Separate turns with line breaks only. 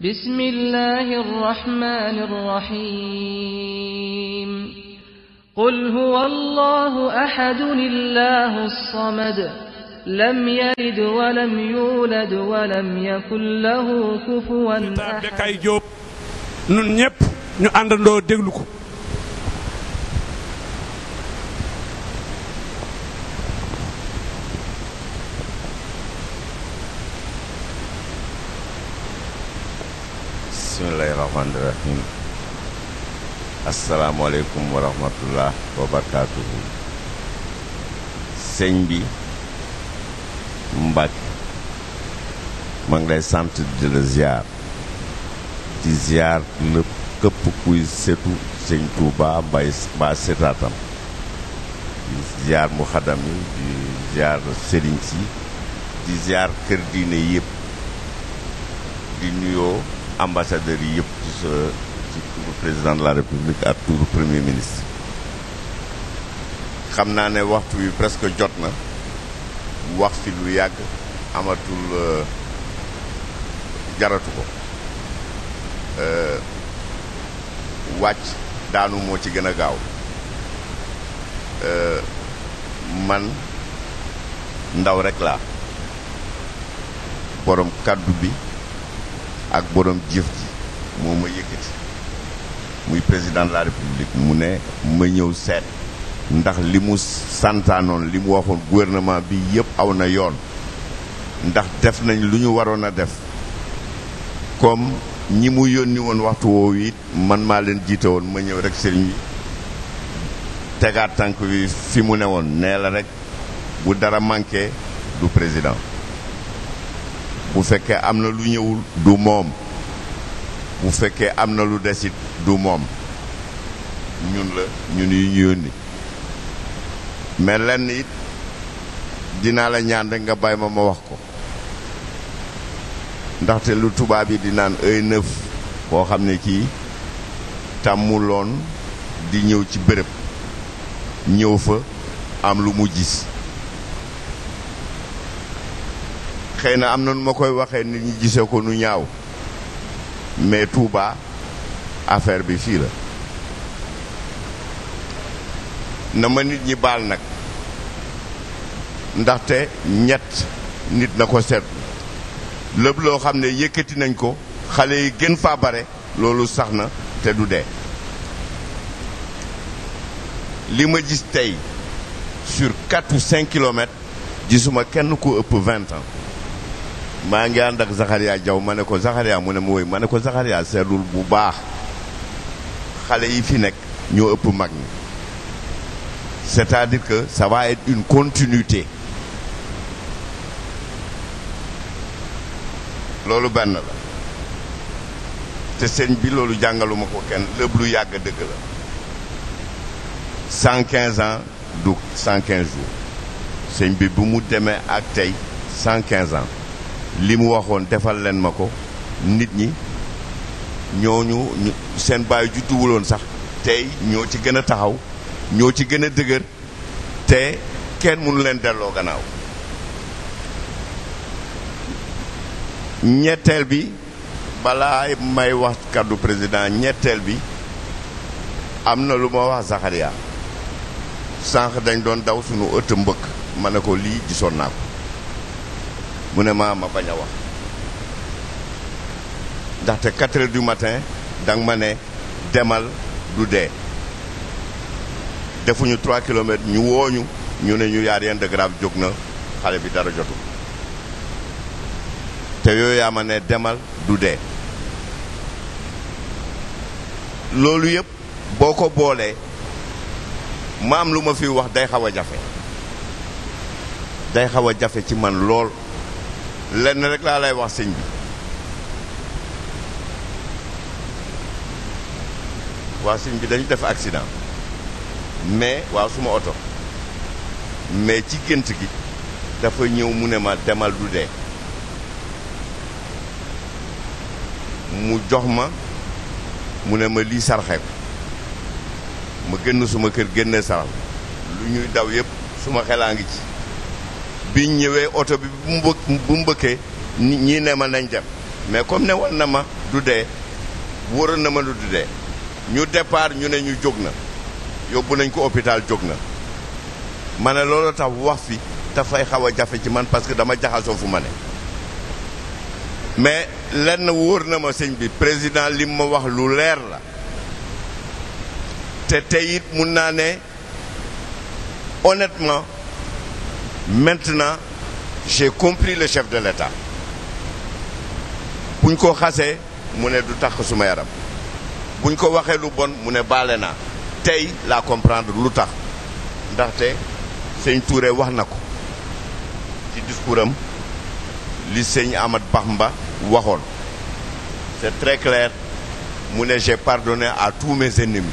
بسم الله الرحمن الرحيم قل هو الله أحد الله الصمد لم يلد ولم يولد ولم يكن له كفوا أحد. Kay Jóob ñun ñëpp ñu àndandoo déglu ko. rahmaani rahim asalaamaaleykum wa rahmatullah wa barakaatuhu sëñ bi Mbàkke ma lay sant di la ziar di ziar lépp këpp kuy setu sëñ Touba mbay mbaa setaatam di ziar mu xadam yi di ziar sëriñ si di ziar kër diine yëpp di nuyoo ambassadeurs yi yëpp sa ci turu président de la république ak turu premier ministre xam naa ne waxtu wi presque jot na wax fi lu yàgg amatul euh, jaratu ko euh, wàcc daanu moo ci gën a gaaw euh, man ndaw rek la boroom kàddu bi ak borom jëf ji moo ma yëkkati muy président de la république mu ne ma ñëw seet ndax li mu santaanoon li mu waxoon gouvernement bi yëpp aw na yoon ndax def nañ lu ñu waroon a def kom ñi mu yónni woon waxtu woow it man maa leen jiite woon ma ñëw rek sëriñ bi tegaat tànk bi fi mu ne woon nee la rek bu dara manqué du président bu fekkee am na lu ñëwul du moom bu fekkee am na lu desit du moom ñun la ñun yi ñu yónni mais lenn it dinaa la ñaan nga bay ma ma wax ko ndaxte lu tubaab yi di naan œil neuf koo xam ne kii loon di ñëw ci béréb ñëw fa am lu mu jis xëy na am na nu ma koy waxee nit ñi gisee ko nu ñaaw mais Touba affaire bi fii la na ma nit ñi baal nag ndaxte ñett nit na ko seet lépp loo xam ne yëkkati nañ ko xale yi gën faa bare loolu sax na te du dee li ma gis tey sur quatre ou cinq kilomètres gisuma kenn ku ëpp vingt maa ngi ànd ak Zakaria Diaw ma ne ko Zakaria mu ne ma woy ma ne ko Zakaria seetlul bu baax xale yi fi nekk ñoo ëpp mag ñi c'est-à-dire que ça va être une continuité loolu benn la te sëñ bi loolu jàngaluma ko kenn lépp lu yàgg dëgg la cent quinze ans du cent quinze bi bu mu demee ak tey cent quinze ans li mu waxoon defal leen ma ko nit ñi ñooñu seen bàyyi judduwuloon sax tey ñoo ci gën a taxaw ñoo ci gën a dëgër te kenn mënu leen delloo gannaaw ñetteel bi balaa may wax kàddu président ñetteel bi am na lu ma wax Zakaria sànq dañ doon daw sunu ëtt mbëkk ma ne ko lii gisoon naa ko mu ne maa ma bañ a wax ndaxte quatre heures du matin danga ma ne demal du dee defuñu trois ñu wooñu ñu ne ñu yaa rien de jóg na xale bi dara jotu te yooyu yaa ma ne demal du dee loolu yëpp boo ko boolee maam lu ma fi wax day xaw a jafe day xaw a jafe ci man lool lenn rek laa lay wax sëñ bi waa sëñ bi dañu def accident mais waaw suma oto mais ci gént gi dafa ñëw mu ne ma demal du dee mu jox ma mu ne ma lii sarxe ma génn suma kër génne sarax lu ñuy daw yëpp suma xelaa ngi ci biñ ñëwee oto bi bu mu bu ñii ne ma nañ dem mais comme ne war na ma du dee wóoroon na ma du dee ñu départ ñu ne ñu jóg na yóbbu nañ ko hôpital jóg na ma ne loolu tax wax fi dafay xaw a jafe ci man parce que dama jaxasoo fu ma ne mais lenn wóor na ma sëñ bi président li ma wax lu leer la te tey it mun naa ne honnêtement maintenant j'ai compris le chef de l'État buñ ko xasee mu ne du tax suma yaram buñ ko waxee lu bon mu ne baale naa tey laa comprendre lu tax ndaxte sëñ Touré wax na ko ci discours am li sëñ Amat Bamba waxoon c'est très clair mu ne j'ai pardonné à tous mes ennemis